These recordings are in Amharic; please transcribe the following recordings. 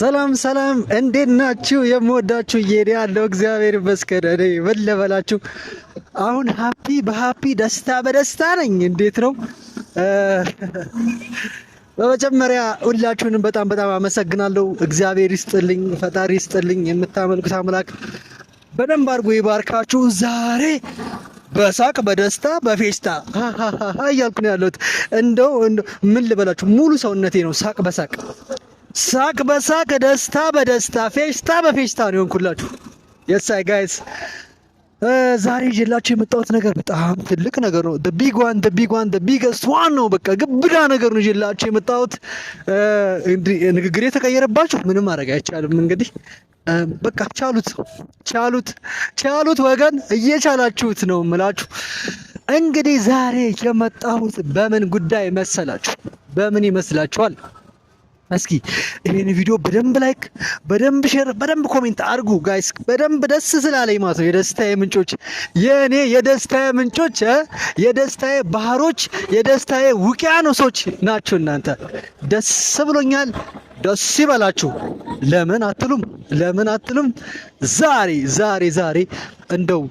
ሰላም ሰላም፣ እንዴት ናችሁ? የምወዳችሁ እየሄደ ያለው እግዚአብሔር ይመስገን። እኔ ምን ልበላችሁ፣ አሁን ሀፒ በሀፒ ደስታ በደስታ ነኝ። እንዴት ነው? በመጀመሪያ ሁላችሁንም በጣም በጣም አመሰግናለሁ። እግዚአብሔር ይስጥልኝ፣ ፈጣሪ ይስጥልኝ። የምታመልኩት አምላክ በደንብ አድርጎ ይባርካችሁ። ዛሬ በሳቅ በደስታ በፌስታ እያልኩ ነው ያለሁት። እንደው ምን ልበላችሁ፣ ሙሉ ሰውነቴ ነው ሳቅ በሳቅ ሳቅ በሳቅ ደስታ በደስታ ፌሽታ በፌሽታ ነው የሆንኩላችሁ። የሳይ ጋይስ ዛሬ ይዤላችሁ የመጣሁት ነገር በጣም ትልቅ ነገር ነው። ቢግ ዋን ቢግ ዋን ቢገስት ዋን ነው። በቃ ግብዳ ነገር ነው ይዤላችሁ የመጣሁት። ንግግር የተቀየረባችሁ ምንም ማድረግ አይቻልም። እንግዲህ በቃ ቻሉት ቻሉት ቻሉት ወገን፣ እየቻላችሁት ነው የምላችሁ። እንግዲህ ዛሬ የመጣሁት በምን ጉዳይ መሰላችሁ? በምን ይመስላችኋል? እስኪ ይህን ቪዲዮ በደንብ ላይክ፣ በደንብ ሼር፣ በደንብ ኮሜንት አድርጉ ጋይስ። በደንብ ደስ ስላለኝ ማለት ነው። የደስታዬ ምንጮች፣ የእኔ የደስታዬ ምንጮች፣ የደስታዬ ባህሮች፣ የደስታዬ ውቅያኖሶች ናቸው እናንተ። ደስ ብሎኛል። ደስ ይበላችሁ። ለምን አትሉም? ለምን አትልም? ዛሬ ዛሬ ዛሬ እንደው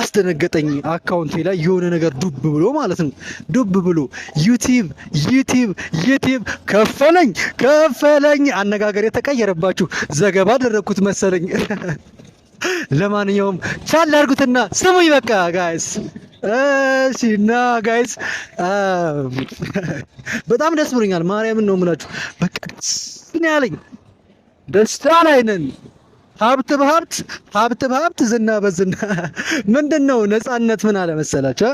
አስደነገጠኝ። አካውንቴ ላይ የሆነ ነገር ዱብ ብሎ ማለት ነው፣ ዱብ ብሎ ዩቲብ ዩቲብ ዩቲብ ከፈለኝ ከፈለኝ። አነጋገር የተቀየረባችሁ ዘገባ አደረግኩት መሰለኝ። ለማንኛውም ቻል አድርጉትና ስሙኝ በቃ ጋይስ። እሺ እና ጋይስ በጣም ደስ ብሎኛል። ማርያምን ነው የምላችሁ። በቃ ደስ ያለኝ። ደስታ ላይ ነን። ሀብት በሀብት ሀብት በሀብት ዝና በዝና ምንድን ነው ነፃነት? ምን አለ መሰላችሁ?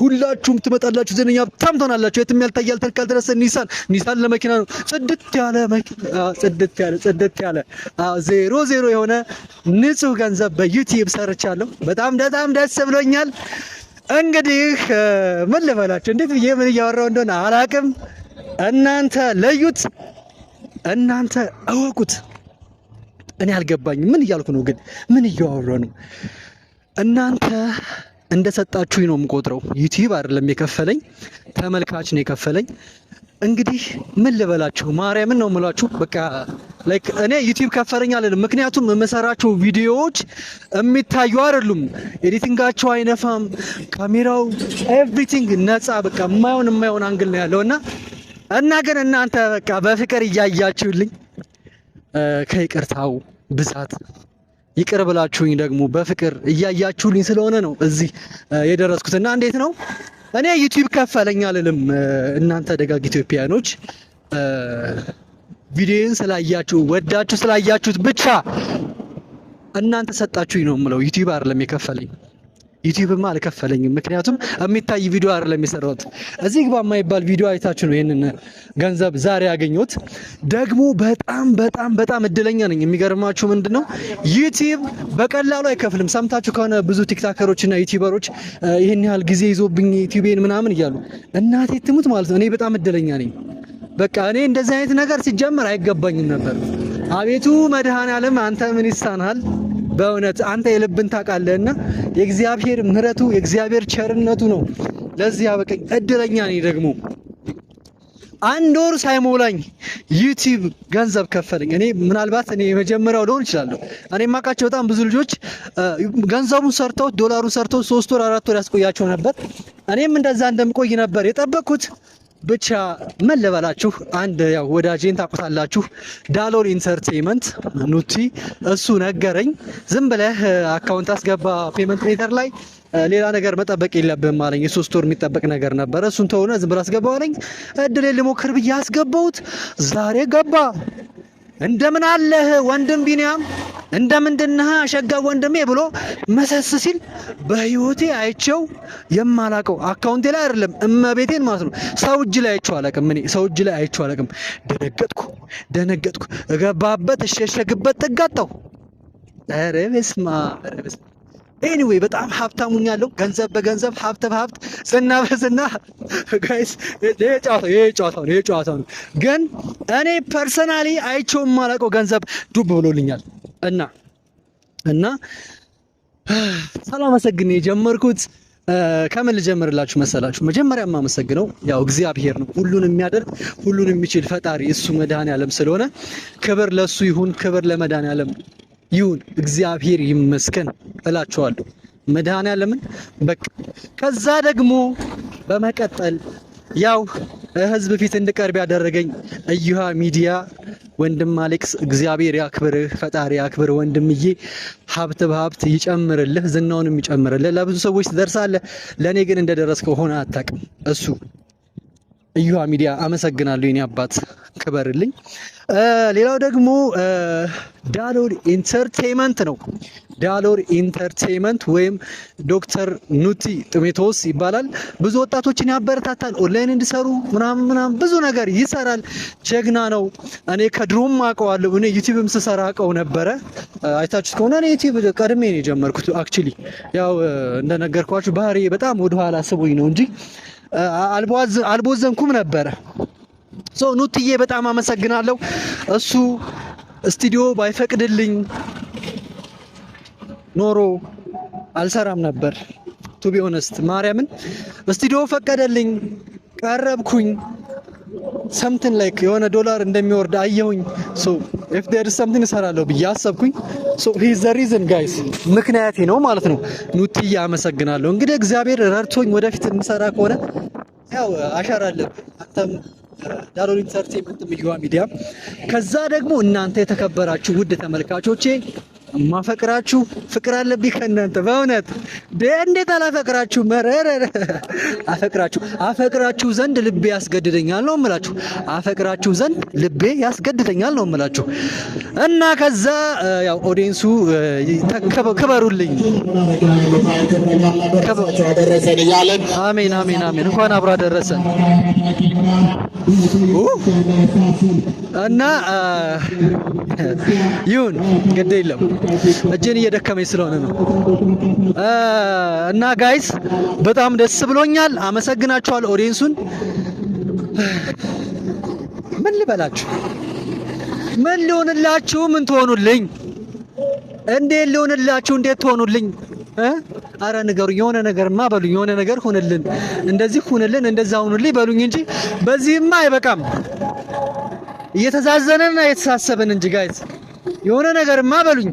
ሁላችሁም ትመጣላችሁ፣ ዝነኛ በጣም ትሆናላችሁ። የትም ያልታያል ያልተልካል ድረስ ኒሳን ኒሳን ለመኪና ነው። ጽድት ያለ መኪና ጽድት ያለ ጽድት ያለ ዜሮ ዜሮ የሆነ ንጹህ ገንዘብ በዩቲዩብ ሰርቻለሁ። በጣም በጣም ደስ ብሎኛል። እንግዲህ ምን ልበላችሁ፣ እንዴት ብዬ ምን እያወራው እንደሆነ አላቅም። እናንተ ለዩት፣ እናንተ እወቁት። እኔ አልገባኝም። ምን እያልኩ ነው ግን? ምን እያወራ ነው? እናንተ እንደሰጣችሁኝ ነው የምቆጥረው። ዩቲዩብ አይደለም የከፈለኝ፣ ተመልካች ነው የከፈለኝ። እንግዲህ ምን ልበላችሁ፣ ማርያምን ነው የምላችሁ። በቃ ላይክ እኔ ዩቲዩብ ከፈለኝ አልልም፣ ምክንያቱም የምሰራቸው ቪዲዮዎች የሚታዩ አይደሉም። ኤዲቲንጋቸው አይነፋም፣ ካሜራው ኤቭሪቲንግ ነፃ፣ በቃ የማይሆን የማይሆን አንግል ነው ያለው እና እና ግን እናንተ በቃ በፍቅር እያያችሁልኝ ከይቅርታው ብዛት ይቅር ብላችሁኝ ደግሞ በፍቅር እያያችሁልኝ ስለሆነ ነው እዚህ የደረስኩት እና እንዴት ነው እኔ ዩቲዩብ ከፈለኝ አልልም። እናንተ ደጋግ ኢትዮጵያኖች ቪዲዮን ስላያችሁ ወዳችሁ ስላያችሁት ብቻ እናንተ ሰጣችሁኝ ነው የምለው። ዩቲዩብ አይደለም የከፈለኝ። ዩቲዩብማ አልከፈለኝም። ምክንያቱም የሚታይ ቪዲዮ አይደለም የሰራሁት። እዚህ ግባ የማይባል ቪዲዮ አይታችሁ ነው ይህንን ገንዘብ ዛሬ ያገኘሁት። ደግሞ በጣም በጣም በጣም እድለኛ ነኝ። የሚገርማችሁ ምንድን ነው ዩቲዩብ በቀላሉ አይከፍልም። ሰምታችሁ ከሆነ ብዙ ቲክታከሮችና ዩቲዩበሮች ይህን ያህል ጊዜ ይዞብኝ ዩቲዩቤን ምናምን እያሉ እናቴ ትሙት ማለት ነው። እኔ በጣም እድለኛ ነኝ። በቃ እኔ እንደዚህ አይነት ነገር ሲጀመር አይገባኝም ነበር። አቤቱ መድኃኔዓለም አንተ ምን ይሳናል? በእውነት አንተ የልብን እና የእግዚአብሔር ምሕረቱ የእግዚአብሔር ቸርነቱ ነው ለዚህ ያበቀኝ። እድለኛ ነኝ ደግሞ አንድ ወር ሳይሞላኝ ዩቲዩብ ገንዘብ ከፈለኝ። እኔ ምናልባት እኔ የመጀመሪያው ልሆን እችላለሁ። እኔ የማውቃቸው በጣም ብዙ ልጆች ገንዘቡን ሰርተው ዶላሩን ሰርተው ሶስት ወር አራት ወር ያስቆያቸው ነበር። እኔም እንደዛ እንደምቆይ ነበር የጠበቅኩት። ብቻ ምን ልበላችሁ፣ አንድ ያው ወዳጄን ታውቁታላችሁ፣ ዳሎል ኢንተርቴይመንት ኑቲ፣ እሱ ነገረኝ። ዝም ብለህ አካውንት አስገባ ፔመንት ሜተር ላይ ሌላ ነገር መጠበቅ የለብህም አለኝ። የሶስት ወር የሚጠበቅ ነገር ነበረ። እሱን ተሆነ ዝም ብለህ አስገባው አለኝ። እድሌ ልሞክር ብዬ አስገባሁት። ዛሬ ገባ። እንደምን አለህ ወንድም ቢኒያም እንደምንድነህ አሸጋ ወንድሜ ብሎ መሰስ ሲል በህይወቴ አይቼው የማላቀው አካውንቴ ላይ አይደለም እመቤቴን ማለት ነው ሰው እጅ ላይ አይቼው አላቅም። እኔ ሰው እጅ ላይ አይቼው አላቅም። ደነገጥኩ ደነገጥኩ። እገባበት እሸሸግበት ጥጋጣው። ኧረ በስመ አብ ኤኒዌይ በጣም ሀብታም ሆኛለሁ። ገንዘብ በገንዘብ ሀብት በሀብት ዝና በዝና ጋይስ፣ ጨዋታው ነው። ግን እኔ ፐርሰናሊ አይቼው የማላቀው ገንዘብ ዱብ ብሎልኛል። እና እና ሳላመሰግን የጀመርኩት ከምን ልጀምርላችሁ መሰላችሁ? መጀመሪያ የማመሰግነው ያው እግዚአብሔር ነው፣ ሁሉን የሚያደርግ ሁሉን የሚችል ፈጣሪ እሱ መድኃኔ ዓለም ስለሆነ ክብር ለሱ ይሁን፣ ክብር ለመድኃኔ ዓለም ይሁን፣ እግዚአብሔር ይመስገን እላችኋለሁ መድኃኔ በቃ። ከዛ ደግሞ በመቀጠል ያው ህዝብ ፊት እንድቀርብ ያደረገኝ እዩሃ ሚዲያ ወንድም አሌክስ እግዚአብሔር ያክብርህ፣ ፈጣሪ ያክብር ወንድምዬ። ሀብት በሀብት ይጨምርልህ፣ ዝናውንም ይጨምርልህ። ለብዙ ሰዎች ትደርሳለህ። ለእኔ ግን እንደደረስከው ሆነ አታውቅም እሱ እዩሃ ሚዲያ አመሰግናለሁ። የኔ አባት ክበርልኝ። ሌላው ደግሞ ዳሎል ኢንተርቴይመንት ነው። ዳሎል ኢንተርቴመንት ወይም ዶክተር ኑቲ ጥሜቶስ ይባላል። ብዙ ወጣቶችን ያበረታታል። ኦንላይን እንዲሰሩ ምናምን ምናምን ብዙ ነገር ይሰራል። ጀግና ነው። እኔ ከድሮም አውቀዋለሁ። እኔ ዩቲዩብም ስሰራ አውቀው ነበረ። አይታችሁት ከሆነ እኔ ዩቲዩብ ቀድሜ ነው የጀመርኩት። አክቹሊ ያው እንደነገርኳችሁ ባህሪ በጣም ወደኋላ ስቡኝ ነው እንጂ አልቦዘንኩም ነበረ። ሶ ኑትዬ በጣም አመሰግናለሁ። እሱ ስቱዲዮ ባይፈቅድልኝ ኖሮ አልሰራም ነበር። ቱቢ ሆነስት ማርያምን ስቱዲዮ ፈቀደልኝ፣ ቀረብኩኝ ሰምትን ላይክ የሆነ ዶላር እንደሚወርድ አየሁኝ። ሶ ኢፍ ዴር ሰምትን እሰራለሁ ብዬ አሰብኩኝ። ሶ ሂ ዘ ሪዝን ጋይስ፣ ምክንያቴ ነው ማለት ነው። ኑትዬ አመሰግናለሁ። እንግዲህ እግዚአብሔር ረድቶኝ ወደፊት እንሰራ ከሆነ ያው አሻራ አለብን አንተም ዳሎል ኢንተርቴንመንት ሚዲያ። ከዛ ደግሞ እናንተ የተከበራችሁ ውድ ተመልካቾቼ ማፈቅራችሁ ፍቅር አለብኝ ከእናንተ በእውነት እንዴት አላፈቅራችሁ መረረ አፈቅራችሁ አፈቅራችሁ ዘንድ ልቤ ያስገድደኛል ነው ምላችሁ አፈቅራችሁ ዘንድ ልቤ ያስገድደኛል ነው እምላችሁ እና ከዛ ያው ኦዲየንሱ ክበሩልኝ አሜን አሜን አሜን። እንኳን አብሮ አደረሰን እና ይሁን ግድ የለም። እጄን እየደከመኝ ስለሆነ ነው። እና ጋይስ በጣም ደስ ብሎኛል። አመሰግናችኋል ኦዲየንሱን። ምን ልበላችሁ? ምን ሊሆንላችሁ? ምን ትሆኑልኝ? እንዴት ሊሆንላችሁ? እንዴት ትሆኑልኝ? አረ ንገሩኝ። የሆነ ነገርማ በሉኝ። የሆነ ነገር ሁንልን፣ እንደዚህ ሁንልን፣ እንደዛ ሁኑልኝ በሉኝ እንጂ በዚህማ አይበቃም። እየተዛዘነና እየተሳሰብን እንጂ ጋይስ የሆነ ነገርማ በሉኝ።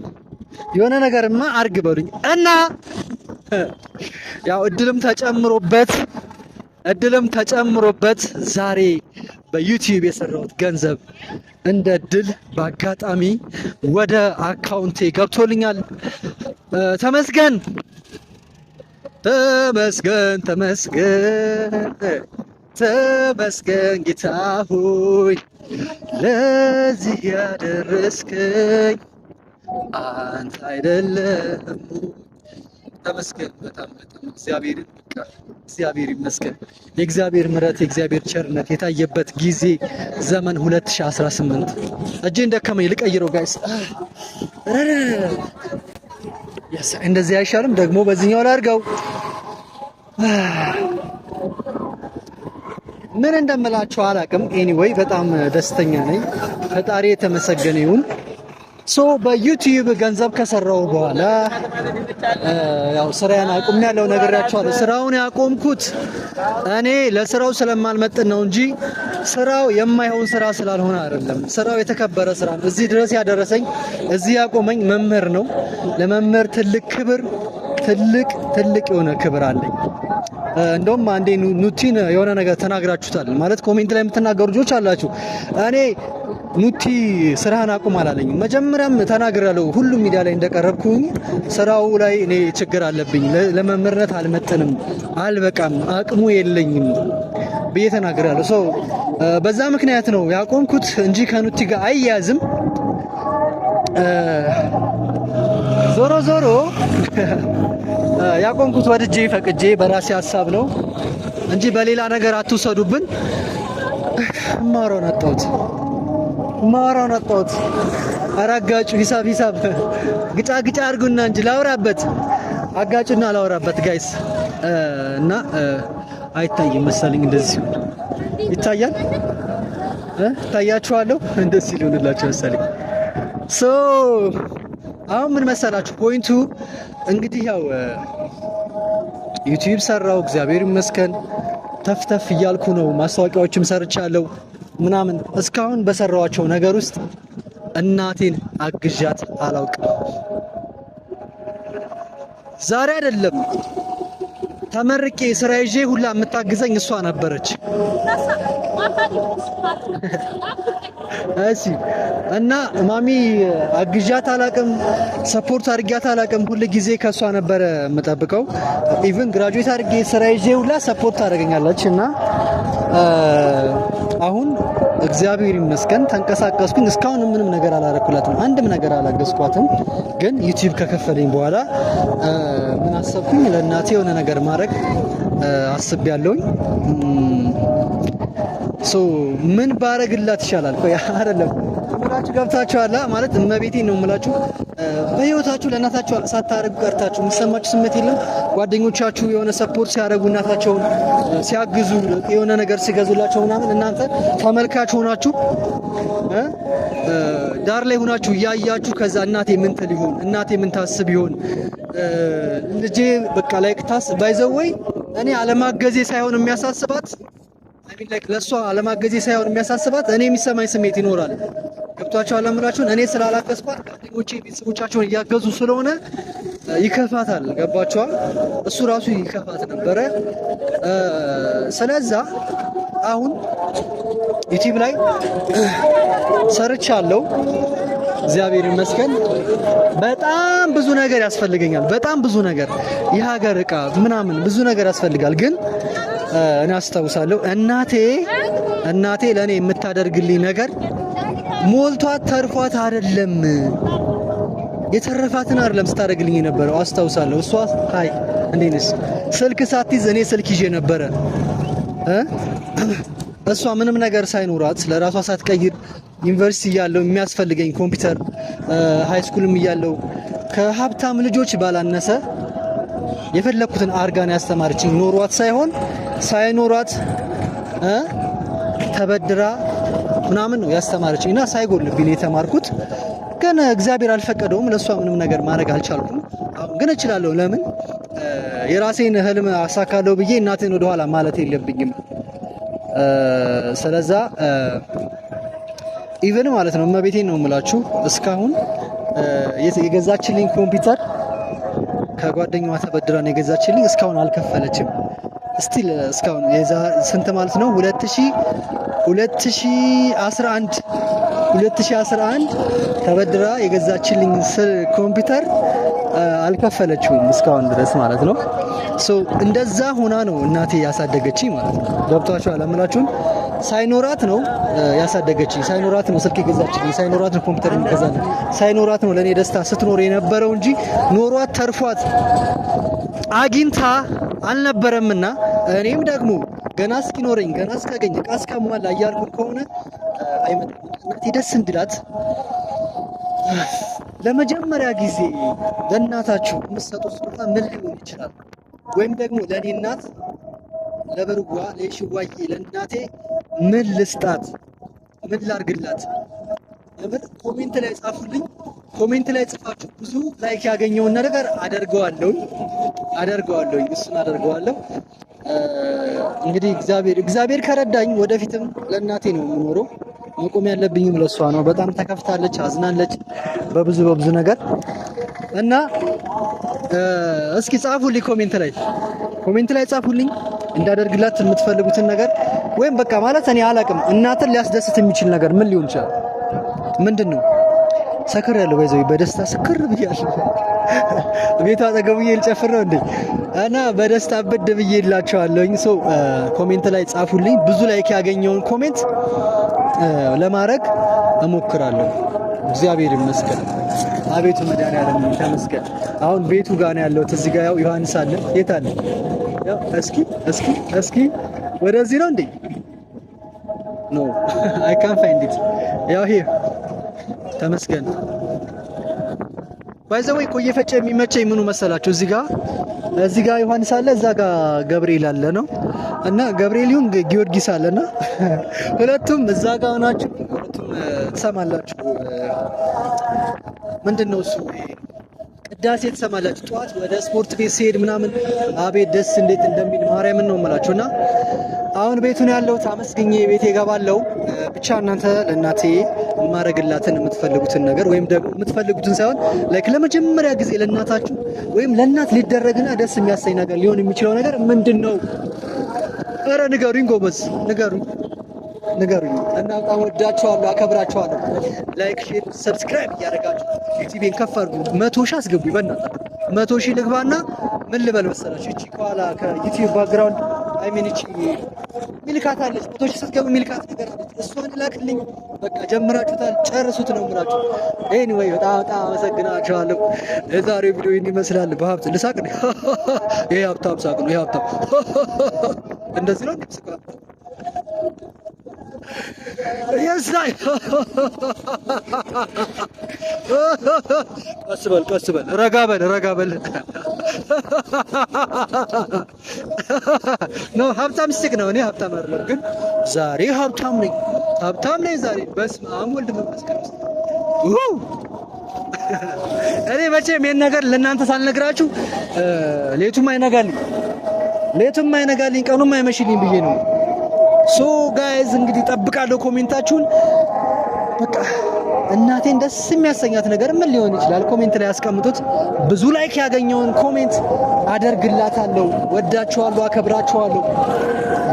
የሆነ ነገርማ አርግ በሉኝ እና ያው እድልም ተጨምሮበት እድልም ተጨምሮበት ዛሬ በዩቲዩብ የሰራሁት ገንዘብ እንደ እድል በአጋጣሚ ወደ አካውንቴ ገብቶልኛል። ተመስገን ተመስገን ተመስገን ተመስገን ጌታ ሆይ ለዚህ ያደረስከኝ አንተ አይደለም ተመስገን። በጣም በጣም እግዚአብሔር እግዚአብሔር ይመስገን። የእግዚአብሔር ምሕረት የእግዚአብሔር ቸርነት የታየበት ጊዜ ዘመን 2018 እጄን ደከመኝ፣ ልቀይረው ጋይስ። እንደዚህ አይሻልም ደግሞ በዚህኛው ላድርገው። ምን እንደምላችሁ አላውቅም። ኤኒዌይ በጣም ደስተኛ ነኝ። ፈጣሪ የተመሰገነ ይሁን። ሶ በዩቲዩብ ገንዘብ ከሰራው በኋላ ያው ስራዬን አቁም ያለው ነግሬያቸዋለሁ። ስራውን ያቆምኩት እኔ ለስራው ስለማልመጥን ነው እንጂ ስራው የማይሆን ስራ ስላልሆነ አይደለም። ስራው የተከበረ ስራ ነው። እዚህ ድረስ ያደረሰኝ እዚህ ያቆመኝ መምህር ነው። ለመምህር ትልቅ ክብር፣ ትልቅ ትልቅ የሆነ ክብር አለኝ። እንደውም አንዴ ኑቲን የሆነ ነገር ተናግራችሁታል ማለት ኮሜንት ላይ የምትናገሩ ልጆች አላችሁ እኔ ኑቲ ስራህን አቁም አላለኝም። መጀመሪያም ተናግራለሁ። ሁሉም ሚዲያ ላይ እንደቀረብኩኝ ስራው ላይ እኔ ችግር አለብኝ፣ ለመምህርነት አልመጥንም፣ አልበቃም፣ አቅሙ የለኝም ብዬ ተናግራለሁ። ሰው በዛ ምክንያት ነው ያቆምኩት እንጂ ከኑቲ ጋር አያያዝም። ዞሮ ዞሮ ያቆምኩት ወድጄ ፈቅጄ በራሴ ሀሳብ ነው እንጂ በሌላ ነገር አትውሰዱብን። ማሮን አጣሁት። ማራውን አጣሁት። አራጋጩ ሂሳብ ሂሳብ ግጫ ግጫ አድርጉና እንጂ ላውራበት አጋጩና ላውራበት ጋይስ እና አይታይም መሰለኝ እንደዚህ ሲሆን ይታያል። ታያችኋለሁ እንደዚህ ሊሆንላችሁ መሰለኝ። ሶ አሁን ምን መሰላችሁ ፖይንቱ እንግዲህ ያው ዩቲዩብ ሰራው እግዚአብሔር ይመስገን ተፍተፍ እያልኩ ነው። ማስታወቂያዎችም ሰርቻለሁ። ምናምን እስካሁን በሰራዋቸው ነገር ውስጥ እናቴን አግዣት አላውቅም። ዛሬ አይደለም ተመርቄ ስራ ይዤ ሁላ የምታግዘኝ እሷ ነበረች። እሺ። እና ማሚ አግዣት አላቅም፣ ሰፖርት አድርጊያት አላቅም። ሁል ጊዜ ከእሷ ነበረ የምጠብቀው። ኢቭን ግራጁዌት አድርጌ ስራ ይዤ ሁላ ሰፖርት ታደርገኛለች እና አሁን እግዚአብሔር ይመስገን ተንቀሳቀስኩኝ። እስካሁን ምንም ነገር አላረኩላትም፣ አንድም ነገር አላገዝኳትም። ግን ዩቲዩብ ከከፈለኝ በኋላ ምን አሰብኩኝ? ለእናቴ የሆነ ነገር ማድረግ አስብ ያለውኝ ምን ባረግላት ይሻላል? ቆይ አይደለም ሁላችሁ ገብታችኋላ ማለት እመቤቴ ነው የምላችሁ። በህይወታችሁ ለእናታችሁ ሳታደርጉ ቀርታችሁ የሚሰማችሁ ስሜት የለም። ጓደኞቻችሁ የሆነ ሰፖርት ሲያደርጉ እናታቸውን ሲያግዙ የሆነ ነገር ሲገዙላቸው ምናምን እናንተ ተመልካች ሆናችሁ ዳር ላይ ሆናችሁ እያያችሁ ከዛ እናቴ ምን ትል ይሆን እናቴ ምን ታስብ ይሆን ልጄ በቃ ላይ ታስ ባይዘወይ እኔ አለማገዜ ሳይሆን የሚያሳስባት ለእሷ አለማገዜ ሳይሆን የሚያሳስባት እኔ የሚሰማኝ ስሜት ይኖራል። ገብቷቸዋል አምላችሁን እኔ ስላላገዝኳት ጓደኞቼ ቤተሰቦቻቸውን እያገዙ ስለሆነ ይከፋታል። ገባቸዋል እሱ ራሱ ይከፋት ነበረ። ስለዛ አሁን ዩቲብ ላይ ሰርቻለሁ። እግዚአብሔር ይመስገን። በጣም ብዙ ነገር ያስፈልገኛል። በጣም ብዙ ነገር የሀገር እቃ ምናምን ብዙ ነገር ያስፈልጋል። ግን እኔ አስታውሳለሁ እናቴ እናቴ ለእኔ የምታደርግልኝ ነገር ሞልቷት ተርፏት አይደለም የተረፋትን አይደለም ስታደርግልኝ የነበረው አስታውሳለሁ። እሷ ሀይ እንዴት ነሽ ስልክ ሳትይዝ እኔ ስልክ ይዤ ነበረ። እሷ ምንም ነገር ሳይኖራት ለራሷ ሳትቀይር ዩኒቨርሲቲ እያለው የሚያስፈልገኝ ኮምፒውተር ሃይ ስኩልም እያለሁ ከሀብታም ልጆች ባላነሰ የፈለኩትን አርጋን ያስተማረችኝ ኖሯት ሳይሆን ሳይኖራት ተበድራ ምናምን ነው ያስተማረች እና ሳይጎልብኝ ነው የተማርኩት። ግን እግዚአብሔር አልፈቀደውም። ለእሷ ምንም ነገር ማድረግ አልቻልኩም። አሁን ግን እችላለሁ። ለምን የራሴን ህልም አሳካለሁ ብዬ እናቴን ወደኋላ ማለት የለብኝም። ስለዛ ኢቨን ማለት ነው እመቤቴን ነው የምላችሁ እስካሁን የገዛችልኝ ኮምፒውተር ከጓደኛዋ ተበድራን የገዛችልኝ እስካሁን አልከፈለችም። ስቲል እስካሁን ስንት ማለት ነው ሁለት ሺህ 2011 2011 ተበድራ የገዛችልኝ ኮምፒውተር አልከፈለችውም እስካሁን ድረስ ማለት ነው። ሶ እንደዛ ሆና ነው እናቴ ያሳደገች ማለት ነው። ገብቷችኋል? አላምላችሁም? ሳይኖራት ነው ያሳደገች፣ ሳይኖራት ነው ስልክ የገዛችልኝ፣ ሳይኖራት ነው ኮምፒውተር የምገዛልኝ፣ ሳይኖራት ነው ለእኔ ደስታ ስትኖር የነበረው እንጂ ኖሯት ተርፏት አግኝታ አልነበረምና እኔም ደግሞ ገና እስኪኖረኝ ገና እስካገኝ ዕቃ እስካሟላ እያልኩ ከሆነ አይመጣም። እናቴ ደስ እንድላት ለመጀመሪያ ጊዜ ለእናታችሁ የምትሰጡት ስጦታ ምን ሊሆን ይችላል? ወይም ደግሞ ለእኔ እናት ለበርዋ ለሽዋዬ ለእናቴ ምን ልስጣት? ምን ላርግላት? ለምን ኮሜንት ላይ ጻፉልኝ። ኮሜንት ላይ ጽፋችሁ ብዙ ላይክ ያገኘውን ነገር አደርገዋለሁ። አደርገዋለሁኝ እሱን አደርገዋለሁ። እንግዲህ እግዚአብሔር እግዚአብሔር ከረዳኝ ወደፊትም ለእናቴ ነው የምኖረው። መቆም ያለብኝም ለእሷ ነው። በጣም ተከፍታለች፣ አዝናለች በብዙ በብዙ ነገር እና እስኪ ጻፉልኝ ኮሜንት ላይ ኮሜንት ላይ ጻፉልኝ እንዳደርግላት የምትፈልጉትን ነገር ወይም በቃ ማለት እኔ አላቅም። እናትን ሊያስደስት የሚችል ነገር ምን ሊሆን ይችላል? ምንድን ነው? ሰክር ያለው በደስታ ስክር ብያለሁ። ቤቷ አጠገቡ ልጨፍር ነው እንዴ? እና በደስታ ብድ ብዬ እላቸዋለሁኝ። ሰው ኮሜንት ላይ ጻፉልኝ። ብዙ ላይክ ያገኘውን ኮሜንት ለማድረግ እሞክራለሁ። እግዚአብሔር ይመስገን። አቤቱ መድኃኒዓለም ተመስገን። አሁን ቤቱ ጋር ነው ያለሁት። እዚህ ጋር ያው ዮሐንስ አለ። የት አለ? እስኪ እስኪ እስኪ ወደዚህ ነው እንዴ? ኖ አይ ካን ፋይንድ ኢት ያው ሂር ተመስገን ባይዘው ወይ ቆየፈጨ የሚመቸኝ ምኑ መሰላችሁ? እዚህ ጋር እዚህ ጋር ዮሐንስ አለ፣ እዛ ጋር ገብርኤል አለ ነው እና ይሁን ጊዮርጊስ አለና ሁለቱም እዛ ጋር ሆናችሁ ሁለቱም ትሰማላችሁ። ምንድን ነው እሱ ቅዳሴ ትሰማላችሁ። ጠዋት ወደ ስፖርት ቤት ሲሄድ ምናምን አቤት ደስ እንዴት እንደሚል ማርያምን ነው የምላችሁ እና አሁን ቤቱን ያለሁት አመስግኜ ቤቴ እገባለሁ። ብቻ እናንተ ለእናቴ የማደርግላትን የምትፈልጉትን ነገር ወይም ደግሞ የምትፈልጉትን ሳይሆን ላይክ ለመጀመሪያ ጊዜ ለእናታችሁ ወይም ለእናት ሊደረግና ደስ የሚያሰኝ ነገር ሊሆን የሚችለው ነገር ምንድን ነው? ኧረ ንገሩኝ ጎበዝ፣ ንገሩኝ፣ ንገሩኝ። እና በጣም ወዳችኋለሁ፣ አከብራችኋለሁ። ላይክ፣ ሼር፣ ሰብስክራይብ እያደረጋችሁ ዩቲቤን ከፍ አድርጉ። መቶ ሺህ አስገቡ፣ በእናታ መቶ ሺህ ልግባና ምን ልበል መሰላችሁ? እቺ ከኋላ ከዩቲዩብ ባክግራውንድ አይሚንቺ ሚልካት አለች። ፎቶች ስትገቡ ሚልካት ነገር አለች። እሷን ላክልኝ። በቃ ጀምራችሁታል፣ ጨርሱት ነው የምላችሁ። ኤኒዌይ በጣም በጣም አመሰግናችኋለሁ። የዛሬው ቪዲዮ ይህን ይመስላል። በሀብት ልሳቅ ነው። ይሄ ሀብታም ሳቅ ነው። ይሄ ሀብታም እንደዚህ ነው። ቀስ በል ቀስ በል ረጋ በል ረጋ በል ነው ሀብታም ስቲክ ነው። እኔ ሀብታም አይደለም ግን ዛሬ ሀብታም ነኝ ሀብታም ነኝ ዛሬ። በስመ አብ ወልድ መንፈስ ቅዱስ። እኔ መቼም ይሄን ነገር ለእናንተ ሳልነግራችሁ ሌቱም አይነጋልኝ ሌቱም አይነጋልኝ ቀኑም አይመሽልኝ ብዬ ነው ሶ ጋይዝ እንግዲህ ጠብቃለሁ ኮሜንታችሁን። በቃ እናቴን ደስ የሚያሰኛት ነገር ምን ሊሆን ይችላል? ኮሜንት ላይ ያስቀምጡት። ብዙ ላይክ ያገኘውን ኮሜንት አደርግላታለሁ። ወዳችኋለሁ፣ አከብራችኋለሁ።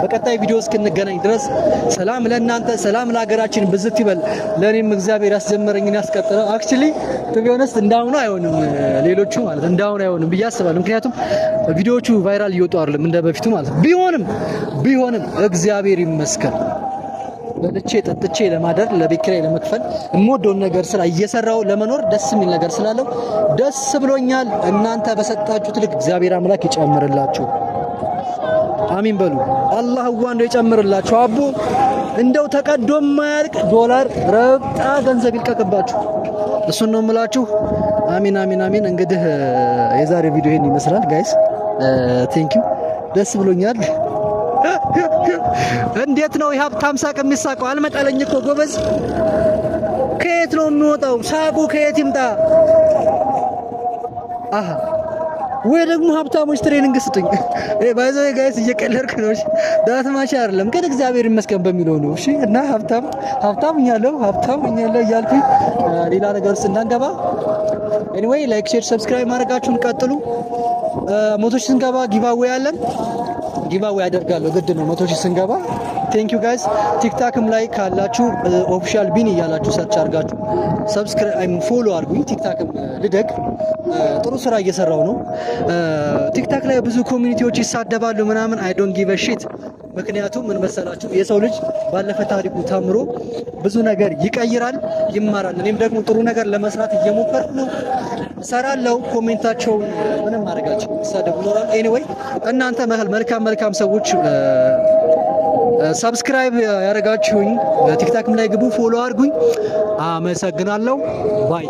በቀጣይ ቪዲዮ እስክንገናኝ ድረስ ሰላም ለእናንተ፣ ሰላም ለሀገራችን ብዝት ይበል። ለእኔም እግዚአብሔር ያስጀመረኝን ያስቀጥለው። አክቹሊ ቱ ቢ ኦነስት እንዳሁኑ አይሆንም፣ ሌሎቹ ማለት እንዳሁኑ አይሆንም ብዬ አስባለሁ። ምክንያቱም ቪዲዮዎቹ ቫይራል እየወጡ አይደለም እንደ በፊቱ ማለት ቢሆንም ቢሆንም እግዚአብሔር ይመስገን። በልቼ ጠጥቼ ለማደር ለቤት ኪራይ ለመክፈል የምወደውን ነገር ስራ እየሰራው ለመኖር ደስ የሚል ነገር ስላለው ደስ ብሎኛል። እናንተ በሰጣችሁት ልክ እግዚአብሔር አምላክ ይጨምርላችሁ። አሚን በሉ። አላህ ዋንዶ ይጨምርላችሁ። አቡ እንደው ተቀዶ የማያልቅ ዶላር ረብጣ ገንዘብ ይልቀቅባችሁ። እሱን ነው የምላችሁ። አሚን አሚን አሚን። እንግዲህ የዛሬው ቪዲዮ ይሄን ይመስላል ጋይስ። ቴንኪው ደስ ብሎኛል። እንዴት ነው የሀብታም ሳቅ የሚሳቀው? አልመጣለኝ እኮ ጎበዝ። ከየት ነው የሚወጣው ሳቁ? ከየት ይምጣ? አሀ ወይ ደግሞ ሀብታሞች ትሬኒንግ ስጡኝ። ባይዘ ጋይስ እየቀለድኩ ነው። ዳት ማሽ አይደለም ግን እግዚአብሔር ይመስገን በሚለው ነው። እሺ እና ሀብታም ሀብታም እኛለሁ ሀብታም እኛለሁ እያልኩኝ ሌላ ነገር ውስጥ እንዳንገባ። ኤኒዌይ ላይክ፣ ሼር፣ ሰብስክራይብ ማድረጋችሁን ቀጥሉ። ሞቶች ስንገባ ጊቫዌ ያለን ጊቫዌ ያደርጋለሁ። ግድ ነው መቶ ሺህ ስንገባ። ቴንክ ዩ ጋይስ። ቲክታክም ላይ ካላችሁ ኦፊሻል ቢን እያላችሁ ሰርች አድርጋችሁ ሰብስክራይብ፣ ፎሎ አድርጉኝ። ቲክታክም ልደግ፣ ጥሩ ስራ እየሰራው ነው። ቲክታክ ላይ ብዙ ኮሚኒቲዎች ይሳደባሉ ምናምን፣ አይ ዶንት ጊቭ ሺት። ምክንያቱም ምን መሰላችሁ የሰው ልጅ ባለፈ ታሪኩ ተምሮ ብዙ ነገር ይቀይራል፣ ይማራል። እኔም ደግሞ ጥሩ ነገር ለመስራት እየሞከርኩ ነው። ሰራለው ኮሜንታቸው ምንም አደርጋቸው ሳደብ ይኖራል። ኤኒዌይ እናንተ መልካም መልካም ሰዎች ሰብስክራይብ ያደረጋችሁኝ ቲክታክም ላይ ግቡ፣ ፎሎ አድርጉኝ። አመሰግናለሁ ባይ